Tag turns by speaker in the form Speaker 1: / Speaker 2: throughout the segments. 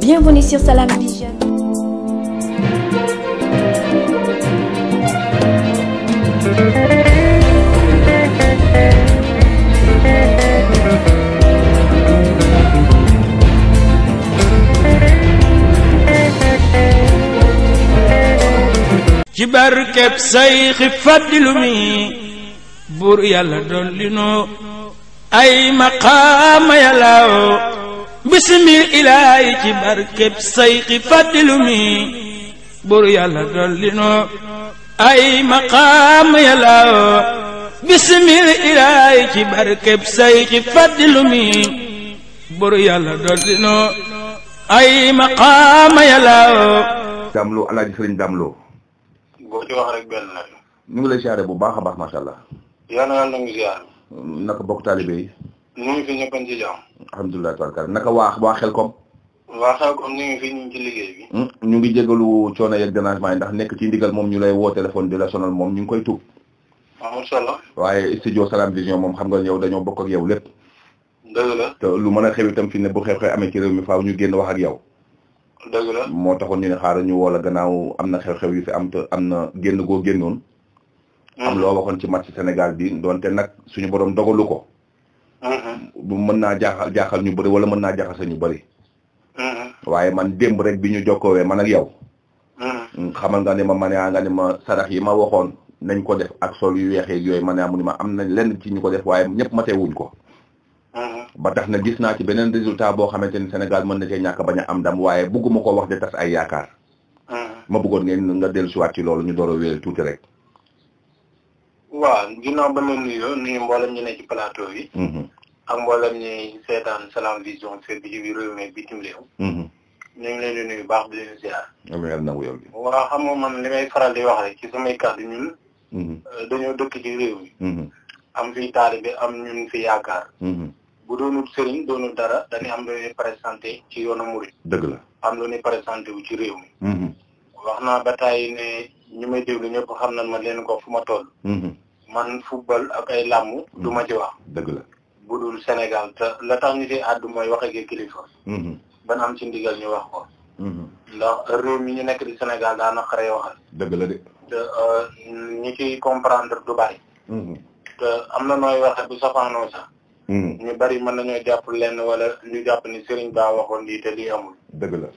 Speaker 1: Bienvenue sur Salam Vision. ci barkeb say xi fàddilu mi buur yàlla dolli ma ay maqaama yàllaaw bisimil ilaahi ci barkeb sayxi fàddilu mi bur yàlla dolli noo ay maqaam yàlla woo bisimil ilaahi ci ay maqaam yàlla woo.
Speaker 2: Damlo El Hadj Sëriñ Damlo.
Speaker 3: boo ci wax rek la.
Speaker 2: ñu bu baax a baax macha allah.
Speaker 3: yàlla na yàlla
Speaker 2: na ngi bokk taalibe yi.
Speaker 3: ñu ngi fi ñëppan ci
Speaker 2: alhamdulilah tabaraka naka waa waa Xelkom.
Speaker 3: waa Xelkom ñu ngi fi ñu ngi ci liggéey bi.
Speaker 2: Hmm? ñu ngi jégalu coono yeeg dérangement yi ndax nekk ci ndigal moom ñu lay woo téléphone di la sonal moom ñu ngi koy tuub. waaw macha allah. waaye studio Salam Vision moom xam nga yow dañoo bokk ak yow lépp. dëgg la te lu mën a xew itam fi ne bu xew-xew amee ci réew mi faaw ñu génn wax ak yow. dëgg la moo taxoon ñu ne xaaral ñu woo la gannaaw am na xew-xew yu fi am te am na génn goo génnoon. am hmm. loo waxoon ci match Sénégal bi doonte nag suñu borom dogalu ko mën naa jaaxal jaaxal ñu bëri wala mën naa jaaxal sa ñu bëri waaye man démb rek bi ñu jokkoowee man ak yow xamal nga ne ma man yaa nga ne ma sarax yi ma waxoon nañ ko def ak sol yu weexee yooyu man yaa ma am na lenn ci ñu ko def waaye ñëpp matewuñ ko ba tax na gis naa ci beneen résultat boo xamante ni Sénégal mën na cee ñàkk bañ a am ndam waaye bugguma ko wax de tas ay yaakaar ma bëggoon ngeen nga dellusiwaat ci loolu ñu door a wéel rek
Speaker 3: waaw ginnaaw ba la nuyoo nuyu mboola ñu ne ci plateau bi. Mm-hmm. ak mboolem ñuy seetaan Salam Vision fii bi réew mi bitim réew. Mm-hmm. ñu ngi leen di nuyu baax bi leen ziar.
Speaker 2: am na yàlla nangu yow bi.
Speaker 3: waaw xam nga man li may faral di wax rek ci samay kàddu ñun. Mm-hmm. Euh, dañoo dëkk ci réew mi. am fi taalibe am ñun fi yaakaar. bu doonul sëriñ doonul dara dañuy am lu ñuy présenté ci yoonu murid. dëgg la am lu ñuy présenté ci réew mi. wax naa ba ne. ñu may déglu ñëpp xam nañ ma leen ko fu ma toll. Mhm. man football ak ay làmm du ma ci wax. dëgg la bu dul Sénégal te la tax ñu ci àddu mooy wax ak kilifa. Mhm. ban am ci ndigal ñu wax ko. Mhm. ndax réew mi ñu nekk di Sénégal daa na xare waxal. dëgg la de. te euh, ñi ciy comprendre du bari. te am na nooy waxe bu safaanoo sax. ñu bari mën nañoo jàpp lenn wala ñu jàpp ni Serigne Ba waxoon lii te lii amul. dëgg la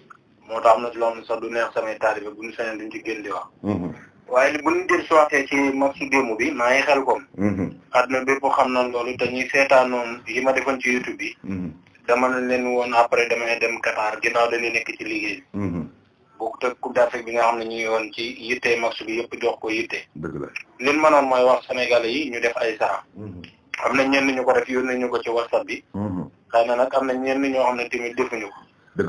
Speaker 3: moo tax am na loo xam ne sax du neex samay taalibe bu ñu sañoon duñ ci gën di wax. Mhm. waaye bu ñu jël si waxee ci marché démb bi maa ngi xel koom. Mhm. àdduna bépp xam na loolu te ñuy seetaanoon yi ma defoon ci YouTube bi. Mhm. dama ne leen woon après damay dem Qatar ginnaaw dañuy nekk ci liggéey. boobu te Coupe d'Afrique bi nga xam ne ñu ngi woon ci yitte marché bi yëpp jox ko yitte. leen la li mooy wax Sénégalais yi ñu def ay sarax. am na ñenn ñu ko def yónnee ñu ko ci WhatsApp bi. xëy na nag am na ñenn ñoo xam ne tamit defuñu ko.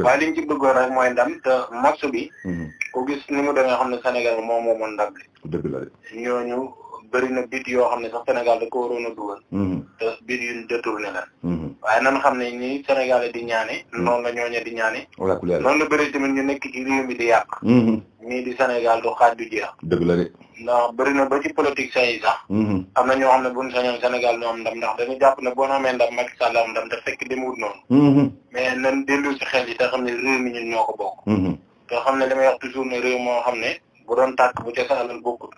Speaker 3: waaye li ñu ci bëggoon rek mooy ndam te match bi. Mm-hmm. gis ni mu demee xam ne Sénégal moom moo mën ndam li. dëgg la ñooñu. bëri na bit yoo xam ne sax Sénégal da ko waroon a dugal. Mhm. te bit yu détourné la. Mhm. waaye nan xam ne ñi Sénégal di ñaane. Mhm. noonu la ñooñu di ñaane. noonu la bëri tamit ñu nekk ci réew mi di yàq.
Speaker 2: ñii
Speaker 3: di Sénégal du xaaj du jeex. dëgg la de. ndax bëri ba ci politique saa yi sax. am na ñoo xam ne bu ñu sañoon Sénégal ñoo am ndam ndax dañu jàpp ne boo amee ndam Macky Sall am ndam te fekk demul noonu. mais nan dellu si xel yi te xam ne réew mi ñun ñoo ko bokk. te xam ne li may toujours ne réew moo xam ne bu doon tàkk bu ca sa alal bokkul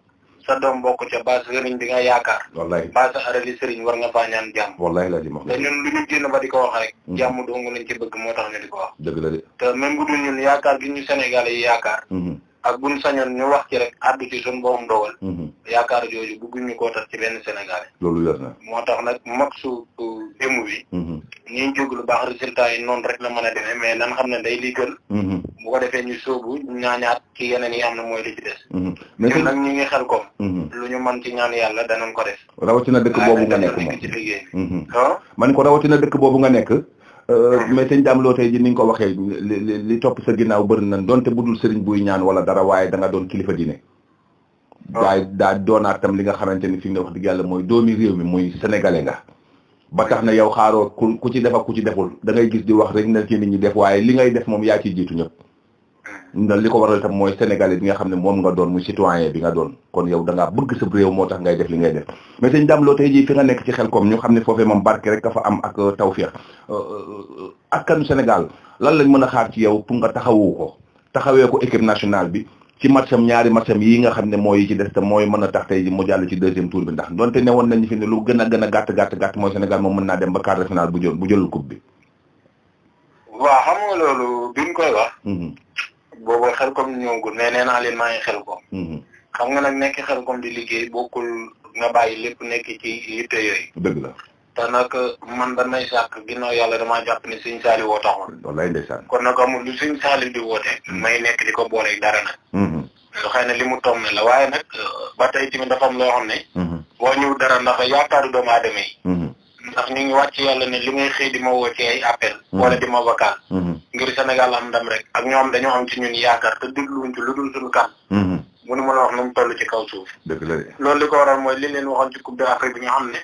Speaker 3: sa doom bokk ca ba sëriñ bi nga yaakaar wallahi ba sa arali war nga faa ñaan jàmm
Speaker 2: wallahi la di wax te
Speaker 3: ñun lu ñu génn ba di wax rek hmm. jàmm dong lañ ci bëgg moo tax ñu di ko wax dëgg la de te même bu dul ñun yaakaar gi ñu Sénégal yi yaakaar hmm. ak buñ sañoon ñu wax ci rek addu ci suñu borom dogal hmm. yaakaar jooju bëgguñu koo tax ci benn Sénégal loolu moo tax nag mag su euh, ému bi ñuy jóg lu baax résultat yi noonu rek la mën a demee mais nan xam ne day lii gën bu defee ñu sóobu ñaanaat ci yeneen yi am na mooy li ci des. Mhm. mais ñun xel ko. Mhm. lu ñu man ti ñaan yàlla danañ ko def.
Speaker 2: rawatina dëkk boobu nga nekk moom ci liggéey bi. Mhm. Ah? man ko rawatina dëkk boobu nga nekk. Euh, mais sëñ Dame Lo tey ni nga ko waxee li li topp sa ginnaaw bëri nañ donte budul sëriñ buy ñaan wala dara waaye danga nga doon kilifa diine. waaw ah. daa doonaat tam li nga xamante ni fi nga wax dëgg yàlla mooy doomi réew mi muy sénégalais nga. ba tax na yow xaaroo ku ku ci def ak ku ci deful da ngay gis di wax rek na ci ñi def waaye li ngay def moom yaa ciy jiitu ñëpp. ndax li ko waral mooy sénégalais bi nga xam ne moom nga doon muy citoyen bi nga doon kon yow da bëgg sa réew moo tax ngay def li ngay def mais sëñ Dame Lo euh, euh, euh, lan lañ mën a xaar ci yow pour nga taxawu ko taxawee ko équipe nationale bi ci matcham ñaari matcham yi nga xam ne mooy ci des te mooy mën a tax tey mu jàll ci deuxième tour bi ndax donte ne woon nañu fi ne lu gën a a mooy Sénégal moom mën naa dem ba quart de bu jël bu jëlul coupe bi
Speaker 3: waaw xam nga loolu duñ koy wax mm-hmm. boobu xel kom ñëwagul mais nee naa leen maa ngi xel kom mm-hmm. xam nga nag nekk xel kom di liggéey bokkul nga bàyyi lépp nekk ci yitte yooyu. dëgg la. te nag man damay sàkk ginnaaw yàlla damaa jàpp ne suñ saali woo taxoon.
Speaker 2: wallaay ndeysaan.
Speaker 3: kon nag amul lu suñ saali di woote. Mm-hmm. may nekk di ko boole dara nag. Mm-hmm. lu xëy na li mu tombé la waaye nag euh, ba tey tamit dafa am loo xam ne. boo ñëw dara ndax yaakaaru doomu adama yi. ndax ñu ngi wàcc yàlla ne li may xëy di ma woo ci ay appel. ma vocal. ngir Sénégal am ndam rek ak ñoom dañoo am ci ñun yaakaar te dégluwuñ ci lu du suñu kan. mënu mhm. mën a wax nu mu toll ci kaw suuf. dëgg la loolu li ko waral mooy li leen waxoon ci coupe bi nga xam ne.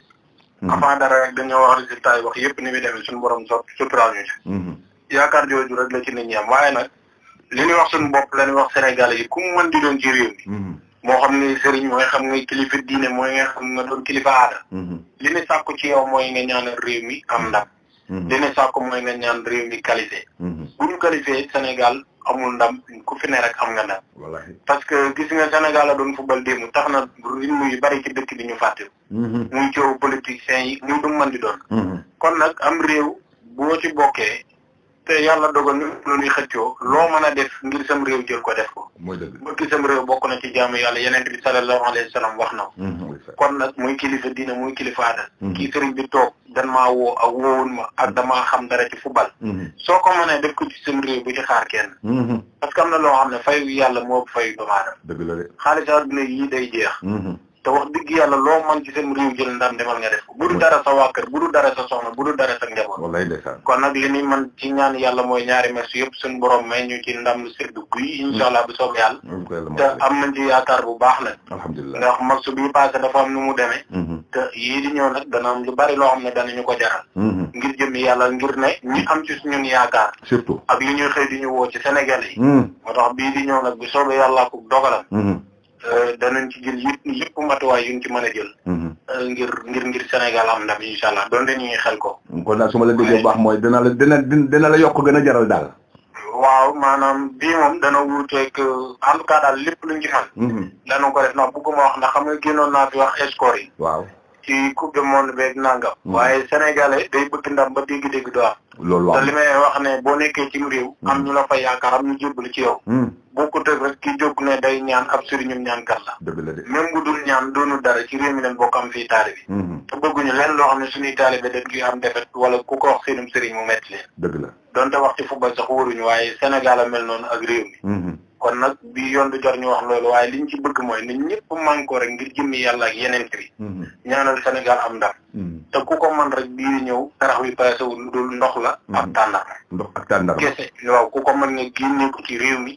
Speaker 3: Mhm. avant dara rek dañoo wax résultat yi wax yëpp ni muy demee suñu borom sot suturaal ñu ci. Mhm. yaakaar jooju rek la ci nit ñi waaye nag li ñuy wax suñu bopp la ñuy wax Sénégalais yi ku mu mën di doon ci réew mi. moo xam ne sëriñ mooy xam nga kilifa diine mooy nga xam nga doon kilifa aada. li ñu sàkku ci yow mooy nga ñaanal réew mi am ndam. li ne sàkku mooy nga ñaan réew mi qualifié mhm. bu ñu qualifié Sénégal amul ndam ku fi ne rek am nga ndam parce que gis nga Sénégal a doon football démb tax na rythme yu bari ci dëkk bi ñu fàtte mhm. muy coow politiciens yi muy du mën di doon mhm. kon nag am réew boo ci bokkee te yàlla dogal ni lu ñuy xëccoo loo mën a def ngir sam réew jël ko def ko. mooy dëgg bëgg sam réew bokk na ci jaamu yàlla yeneen bi sallallahu alayhi wa wax na ko. Mhm, kon nag muy kilifa diina muy kilifa aada. Mhm. kii sëriñ bi toog dan maa woo ak woowoon ma ak mhm. dama xam dara ci football. soo ko mënee def ko ci sam réew bu ci xaar kenn. parce que am na loo xam ne fayu yàlla moo fayu doomu aadama. dëgg la de xaalis àdduna day jeex. te wax dëgg yàlla loo man ci seen réew jël ndam demal nga def ko bu du dara sa waa bu du dara sa soxna bu du dara sa
Speaker 2: njaboot
Speaker 3: kon nag li ni man ci ñaan yàlla mooy ñaari merci yëpp suñu borom may ñu ci ndam sedd guy incha allah bu soob yàlla te am nañ ci yaakaar bu baax nag
Speaker 2: alhamdulilah ndax
Speaker 3: max bi passé dafa am nu mu demee mm-hmm. te yii di ñëw nag dana am lu bari loo xam ne ñu ko jaral mm-hmm. ngir jëmmi yàlla ngir ne ñi am ci suñun yaakaar surtout ak li ñuy xëy di ñu woo ci Sénégal yi mm-hmm. moo tax bii di ñëw ko dogalam Euh, danañ ci jël yëpp yëpp matuwaay yu ñu ci a jël. Mhm. Euh, ngir ngir ngir Sénégal am ndam incha allah doon nañu xel ko.
Speaker 2: kon daal su ma la déggee bu baax mooy dina la dina dina la yokk gën jaral daal.
Speaker 3: waaw maanaam bii moom dana wuuteeg euh, en tout daal lépp luñ ci mhm. dana ko def ndax wax ndax xam nga génnoon naa fi wax score yi. waaw. ci coupe du monde beeg nangam. Mm. waaye sénégalais day bëgg ndam ba dégg-dégg du am. loolu waaw te li wax ne boo nekkee ci réew. Mm. am ñu la fa yaakaar am ñu jébbal ci yow. Mm. bokkut ak rek ki jóg ne day ñaan ab sëriñum ñaan kat la. dëgg la de même bu dul ñaan doonu dara ci réew mi leen bokk am fii taalibe bi. Mm-hmm. te bëgguñu leen loo xam ne suñuy taalibe dañ ciy am defet wala ku ko wax seenum sëriñ mu métti leen. dëgg la donte wax ci football sax wóoruñu waaye Sénégal mel noonu ak kon nag bi yoon du jor ñu wax loolu waaye liñ ci bëgg mooy ne ñëpp manko rek ngir jëmmi yàlla ak yeneen mhm. ñaanal Sénégal am ndam mhm. te ku ko man rek bii ñëw tarax wi passé wu lu dul ndox la mhm. ak tàndar ndox ak ku ko mën nga génne ko ci réew mi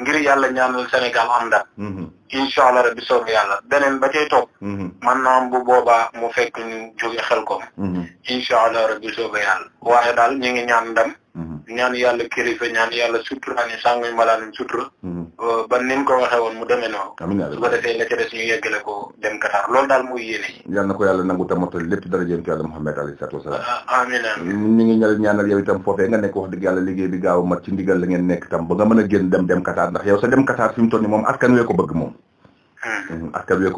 Speaker 3: ngir yàlla ñaanal Sénégal am
Speaker 2: ndam
Speaker 3: incha allah rabbi yàlla beneen ba cay toog man naa bu booba mu fekk ñu jóge xel koom incha allah rabbi yàlla waaye daal ñu ñaan ndam ñaan yàlla kilifa ñaan yàlla sutura ni sànguy malaanum sutura mm-hmm. ban ni mu ko waxee woon mu demee noonu amiin su ko defee la ca des ñu yeggale ko dem Qatar
Speaker 2: loolu daal mooy yéene yi yal na ko yàlla nangu tamatol lépp dara jëm ci yàlla Muhammad alayhi salaatu wa salaam ah, amiin amiin ñu ngi ñal ñaanal nga nekk wax dëgg yàlla liggéey bi gaaw mat ci ndigal nekk tam ba nga mën a génn dem dem Qatar ndax yow sa dem Qatar fi mu moom askan wee bëgg moom hmm. mm-hmm. askan wee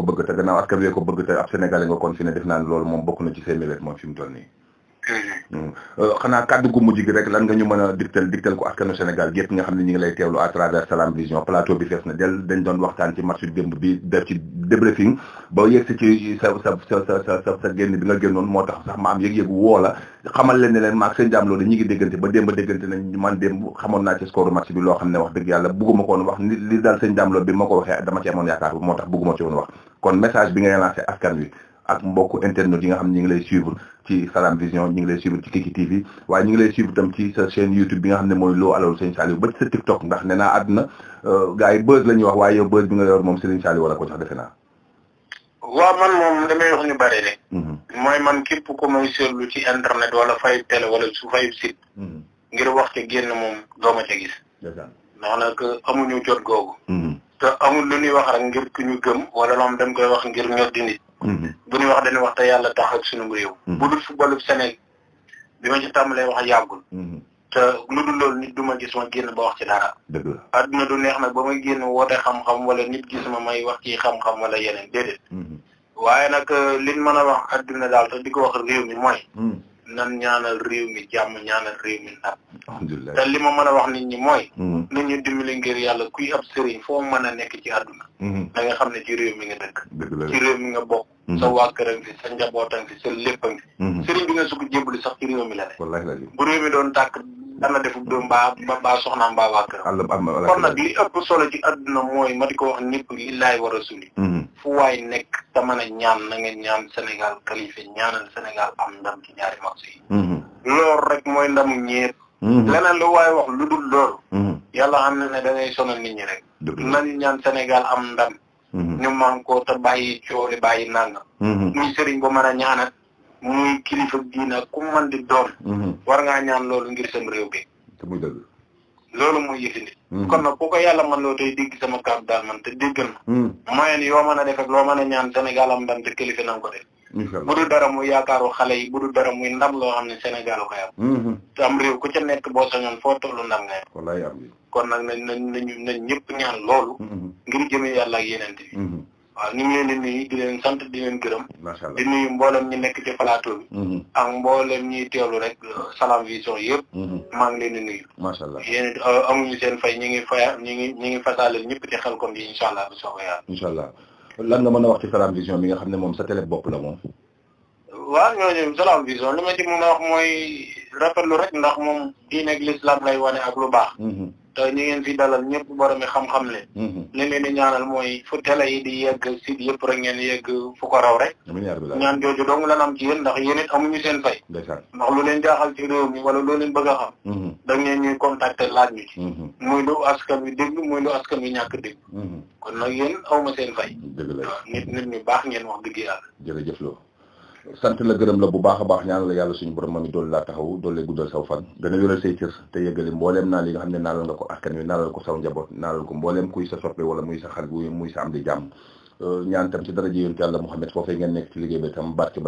Speaker 2: bëgg Hmm. Euh, xanaa kàddu gu mujj rek lan nga ñu mën a digtal digtal ko askanu Sénégal gépp nga xam ne ñu ngi lay teewlu à travers Salam Vision plateau bi fees na dañ doon waxtaan ci match bi nga génnoon moo tax sax ma am yëg-yëg woo la xamal leen ne seen jaam loolu ñu ngi déggante ba démb déggante nañ man démb xamoon naa ci score match bi loo xam ne wax dëgg yàlla bugguma ko woon wax ni li daal seen jaam loolu bi ma ko waxee dama ci yaakaar moo tax bugguma nga xam ne ñu ngi lay ci Salam Vision ñu ngi lay suivre ci Kiki TV waaye ñu ngi lay suivre itam ci sa chaîne YouTube bi nga xam ne mooy loo alalu Serigne Saliou ba ci sa TikTok ndax nee naa àdduna euh, gaa yi buzz la ñuy wax waaye yow buzz bi nga yor moom Serigne Saliou wala ko sax defe naa.
Speaker 3: waa man moom damay wax ñu bëri ne. Mhm. mooy man képp ko may seetlu ci internet wala fayub télé wala su fayub site. Mhm. ngir wax ci génn moom doo ma ca gis. ndax nag amuñu jot googu. Mhm. te amul lu ñuy wax rek ngir ki ñu gëm wala loom dañ koy wax ngir Mm-hmm. bu ñuy wax dañuy wax te yàlla tax ak sunu réew. Mm-hmm. bu dul footballu Sénégal bi ma ci tàmbalee wax yàggul. Mm-hmm. te lu dul loolu nit du ma gis ma génn ba wax ci dara. dëgg la adduna du neex nag ba may génn woote xam-xam wala nit gis ma may wax ci xam-xam wala yeneen déedéet. waaye nag euh, liñ mën a wax adduna daal te di ko wax réew mi mooy. nan ñaanal réew mi jàmm ñaanal réew mi ndam. te li ma mën a wax nit ñi mooy. nit ñu dimbali ngir yàlla kuy ab sëriñ foo mën a nekk ci àdduna da Mhm. sa waa këram fi sa njabootam fi sa léppam fi mhm. sëriñ bi nga su ko sax ci réew mi la bu réew mi doon tàkk dana def doom baa baa soxnaam baa waa nag li ëpp solo ci adduna mooy ma di ko wax ñëpp lillaay mhm. fu waay nekk te mën a ñaan na nga ñaan Sénégal qualifié ñaanal Sénégal am ndam ci ñaari match
Speaker 2: yi
Speaker 3: loolu rek mooy ndamu ñeent leneen lu waaye wax lu dul loolu yàlla xam na ne da ngay sonal rek nañ ñaan Sénégal am ndam Mm-hmm. ñu man ko te bàyyi coole bàyyi nangam. Mm-hmm. muy sëriñ ba mën a ñaanal muy kilifa diina ku man di doon. Mm-hmm. war ngaa ñaan loolu ngir seen réew bi loolu mooy yëfi kon nag ku ko yàlla man loo te dégg sama kàddu daal man te déggal ma. moyen yoo mën a def ak loo mën a ñaan Sénégal am ndam te kilifa na ko def. bu du dara muy yaakaaru xale yi bu du dara muy ndam loo xam ne Sénégal ko yam mm-hmm. am réew ku ca nekk boo sañoon foo tollu ndam
Speaker 2: nga yam
Speaker 3: kon nag nañ nañ nañu nañ ñëpp ñaan loolu mm-hmm. ngir jëmee yàlla ak yeneen bi mm-hmm. waaw ñu ngi leen di nuyu di leen sant di leen gërëm di nuyu mboolem ñi nekk ci plateau bi ak mboolem ñiy teewlu rek euh, Salam Vision yëpp maa ngi leen di nuyu
Speaker 2: macha allah yéen
Speaker 3: euh, amuñu seen fay ñi ngi faya ñi ngi ñi ngi fasalel ñëpp di xel kon bi incha allah bu soobee
Speaker 2: lan nga mën a wax ci Salam Vision mi nga xam ne moom sa télé bopp la moom.
Speaker 3: waaw ñooñu Salam Vision li ma ci mën a wax mooy rafetlu rek ndax moom diine ak l'islam lay wane ak lu baax. Mm-hmm. te ñu ngeen fi dalal ñëpp borom mi xam-xam le mm-hmm. li leen di ñaanal mooy fu télé yi di yegg site rek ngeen yegg fu ko raw rek. ñaan jooju dong lan am ci yéen ndax yéen it amuñu seen fay. ndax lu leen jaaxal ci réew mi wala lool leen bëgg a xam. Mm-hmm. da ngeen ñuy contacter laaj ñu
Speaker 2: ci. muy
Speaker 3: lu askan wi dégg muy lu askan wi ñàkk dégg. kon nag yéen awma seen fay. dëgg la nit nit ñu baax ngeen wax dëgg yàlla.
Speaker 2: jërëjëf sant la gërëm la bu baax a baax ñaan la yàlla suñu borom mami doolu laa taxaw doolu lay guddal saw fan gën a wéral say cër te yëgali mbooleem naa li nga xam ne naalal nga ko askan wi naalal ko saw njaboot naalal ko mbooleem kuy sa soppe wala muy sa xarit muy sa am di jàmm euh, ñaan tam ci dara ji yonent yàlla Muhammad ba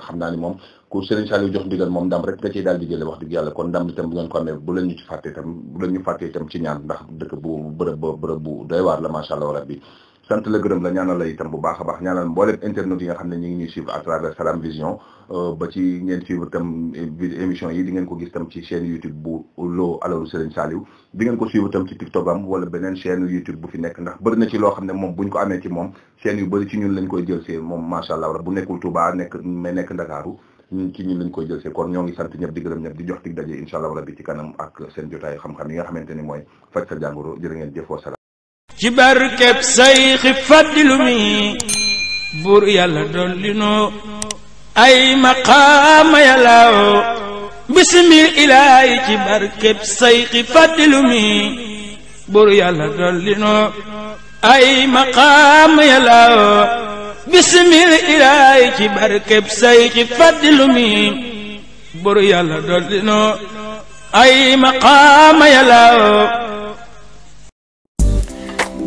Speaker 2: xam naa ni moom ku Serigne Saliou jox ndigal moom ndam rek nga ciy daal di jëlee wax dëgg yàlla kon ndam tam bu ngeen ko amee bu leen ñu tam bu sant la gërëm la ñaanal la itam bu baax a baax ñaanal mboolem internet yi nga xam ne ñu ngi ñuy suivre travers Salam Vision euh, ba ci ngeen suivre tam émission yi di ngeen ko gis tam ci chaîne Lo wala beneen chaîne YouTube bu fi nekk ndax bëri ci loo xam ne moom buñ ko amee ci moom chaîne yu bëri ci ñun lañ koy jël see moom macha allah bu nekkul Touba nekk mais nekk Ndakaaru ci ñun lañ koy jël kon ñoo ngi sant ñëpp di gërëm ñëpp di jox dig daje incha allah xam-xam yi nga xamante
Speaker 1: ci barkeb sayxi faddilu mi buur yàlla ay maqaama yàllaaw bismil ilaahi ci barkeb sayxi faddilu mi buur yàlla dolli noo ay maqaama yàllaaw